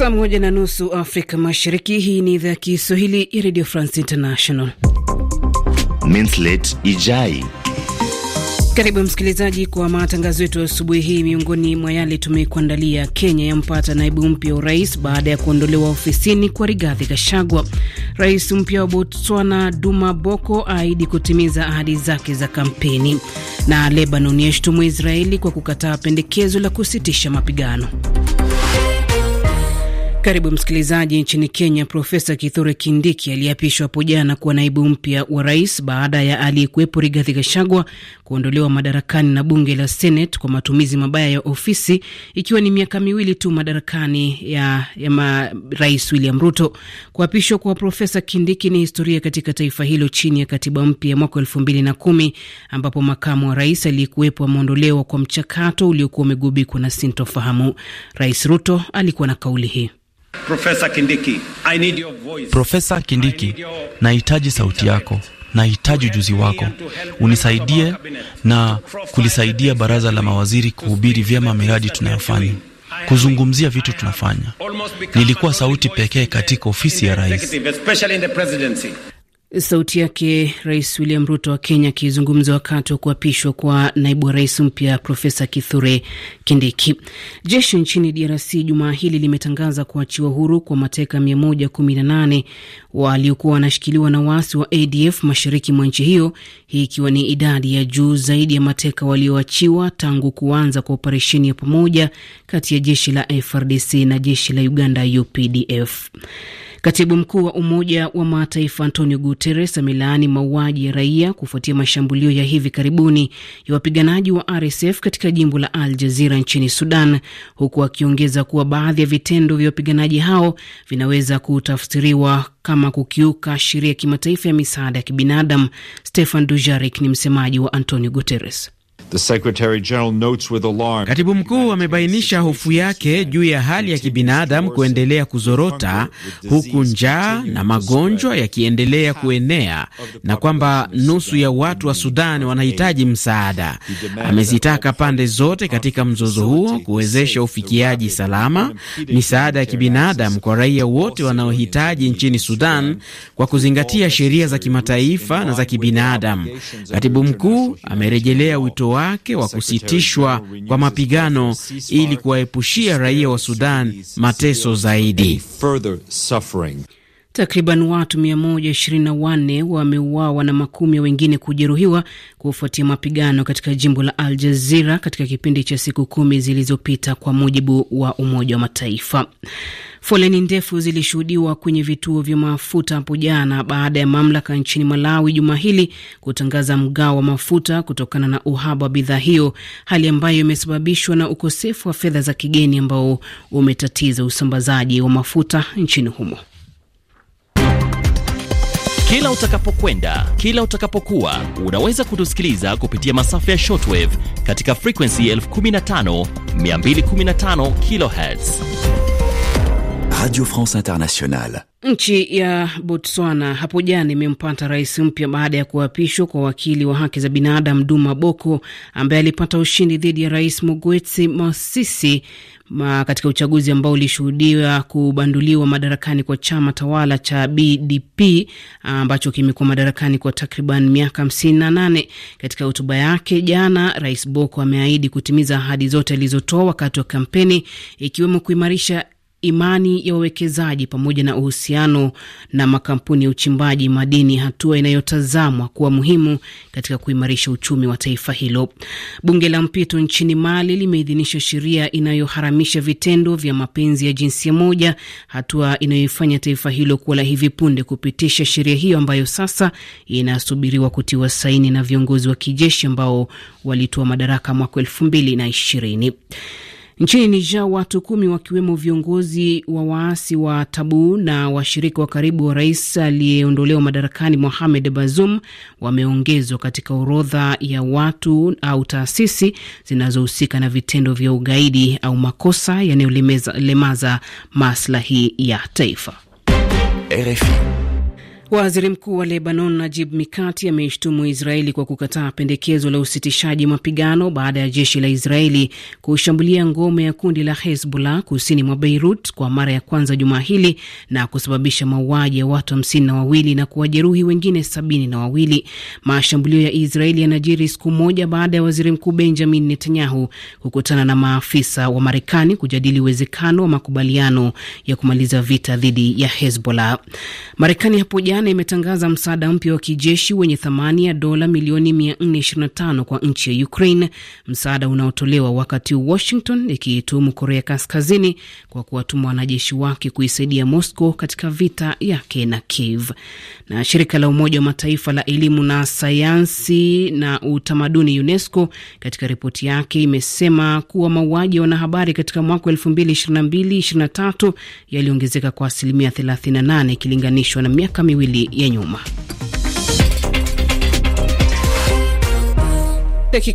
Saa moja na nusu Afrika Mashariki. Hii ni idhaa ya Kiswahili ya Radio France International. Minslet Ijai. Karibu msikilizaji kwa matangazo yetu asubuhi hii. Miongoni mwa yale tumekuandalia: Kenya yampata naibu mpya wa urais baada ya kuondolewa ofisini kwa Rigathi Gachagua. Rais mpya wa Botswana Duma Boko aahidi kutimiza ahadi zake za kampeni, na Lebanon yashutumu Israeli kwa kukataa pendekezo la kusitisha mapigano. Karibu msikilizaji. Nchini Kenya, Profesa Kithure Kindiki aliyeapishwa hapo jana kuwa naibu mpya wa rais baada ya aliyekuwepo Rigathi Gachagua kuondolewa madarakani na bunge la Senate kwa matumizi mabaya ya ofisi, ikiwa ni miaka miwili tu madarakani ya, ya ma, rais William Ruto. Kuapishwa kwa Profesa Kindiki ni historia katika taifa hilo chini ya katiba mpya ya mwaka elfu mbili na kumi ambapo makamu wa rais aliyekuwepo ameondolewa kwa mchakato uliokuwa umegubikwa na sintofahamu. Rais Ruto alikuwa na kauli hii. Profesa Kindiki, I need your voice. Profesa Kindiki, nahitaji sauti yako, nahitaji ujuzi wako, unisaidie na kulisaidia baraza la mawaziri kuhubiri vyema miradi tunayofanya kuzungumzia vitu tunafanya. Nilikuwa sauti pekee katika ofisi ya rais. Sauti yake Rais William Ruto wa Kenya akizungumza wakati wa kuapishwa kwa naibu wa rais mpya Profesa Kithure Kindiki. Jeshi nchini DRC jumaa hili limetangaza kuachiwa huru kwa mateka 118 waliokuwa wanashikiliwa na waasi wa ADF mashariki mwa nchi hiyo, hii ikiwa ni idadi ya juu zaidi ya mateka walioachiwa tangu kuanza kwa operesheni ya pamoja kati ya jeshi la FRDC na jeshi la Uganda UPDF. Katibu mkuu wa Umoja wa Mataifa Antonio Guterres amelaani mauaji ya raia kufuatia mashambulio ya hivi karibuni ya wapiganaji wa RSF katika jimbo la Al Jazira nchini Sudan, huku akiongeza kuwa baadhi ya vitendo vya wapiganaji hao vinaweza kutafsiriwa kama kukiuka sheria ya kimataifa ya misaada ya kibinadamu. Stefan Dujarik ni msemaji wa Antonio Guterres. Katibu mkuu amebainisha hofu yake juu ya hali ya kibinadamu kuendelea kuzorota huku njaa na magonjwa yakiendelea kuenea na kwamba nusu ya watu wa Sudan wanahitaji msaada. Amezitaka pande zote katika mzozo huo kuwezesha ufikiaji salama misaada ya kibinadamu kwa raia wote wanaohitaji nchini Sudan kwa kuzingatia sheria za kimataifa na za kibinadamu. Katibu mkuu amerejelea wito wake wa kusitishwa kwa mapigano ili kuwaepushia raia wa Sudan mateso zaidi. Takriban watu 124 wameuawa na makumi ya wengine kujeruhiwa kufuatia mapigano katika jimbo la Al Jazira katika kipindi cha siku kumi zilizopita kwa mujibu wa Umoja wa Mataifa. Foleni ndefu zilishuhudiwa kwenye vituo vya mafuta hapo jana baada ya mamlaka nchini Malawi juma hili kutangaza mgao wa mafuta kutokana na uhaba wa bidhaa hiyo, hali ambayo imesababishwa na ukosefu wa fedha za kigeni ambao umetatiza usambazaji wa mafuta nchini humo. Kila utakapokwenda, kila utakapokuwa, unaweza kutusikiliza kupitia masafa ya shortwave katika frequency 15215 kHz. Radio France Internationale. Nchi ya Botswana hapo jana imempata rais mpya baada ya kuapishwa kwa wakili wa haki za binadamu Duma Boko ambaye alipata ushindi dhidi ya rais Mogwetsi Masisi ma katika uchaguzi ambao ulishuhudiwa kubanduliwa madarakani kwa chama tawala cha BDP ambacho kimekuwa madarakani kwa takriban miaka 58. Katika hotuba yake jana, rais Boko ameahidi kutimiza ahadi zote alizotoa wakati wa kampeni, ikiwemo kuimarisha imani ya wawekezaji pamoja na uhusiano na makampuni ya uchimbaji madini, hatua inayotazamwa kuwa muhimu katika kuimarisha uchumi wa taifa hilo. Bunge la mpito nchini Mali limeidhinisha sheria inayoharamisha vitendo vya mapenzi ya jinsia moja, hatua inayoifanya taifa hilo kuwa la hivi punde kupitisha sheria hiyo ambayo sasa inasubiriwa kutiwa saini na viongozi wa kijeshi ambao walitoa madaraka mwaka elfu mbili na ishirini. Nchini Niger, watu kumi wakiwemo viongozi wa waasi wa Tabu na washirika wa karibu wa rais aliyeondolewa madarakani Mohamed Bazoum wameongezwa katika orodha ya watu au taasisi zinazohusika na vitendo vya ugaidi au makosa yanayolemaza maslahi ya taifa. RFI. Waziri mkuu wa Lebanon Najib Mikati ameishtumu Israeli kwa kukataa pendekezo la usitishaji mapigano baada ya jeshi la Israeli kushambulia ngome ya kundi la Hezbollah kusini mwa Beirut kwa mara ya kwanza jumaa hili na kusababisha mauaji ya watu hamsini na wawili na kuwajeruhi wengine sabini na wawili. Mashambulio ya Israeli yanajiri siku moja baada ya waziri mkuu Benjamin Netanyahu kukutana na maafisa wa Marekani kujadili uwezekano wa makubaliano ya kumaliza vita dhidi ya Hezbollah. Marekani hapo jana Ghana imetangaza msaada mpya wa kijeshi wenye thamani ya dola milioni 425 kwa nchi ya Ukraine, msaada unaotolewa wakati Washington ikiituhumu Korea Kaskazini kwa kuwatuma wanajeshi wake kuisaidia Moscow katika vita yake na Kiev. Na shirika la Umoja wa Mataifa la elimu na sayansi na utamaduni UNESCO katika ripoti yake imesema kuwa mauaji ya wanahabari katika mwaka 2022 23 yaliongezeka kwa asilimia 38 ikilinganishwa na miaka miwili miwili ya nyuma.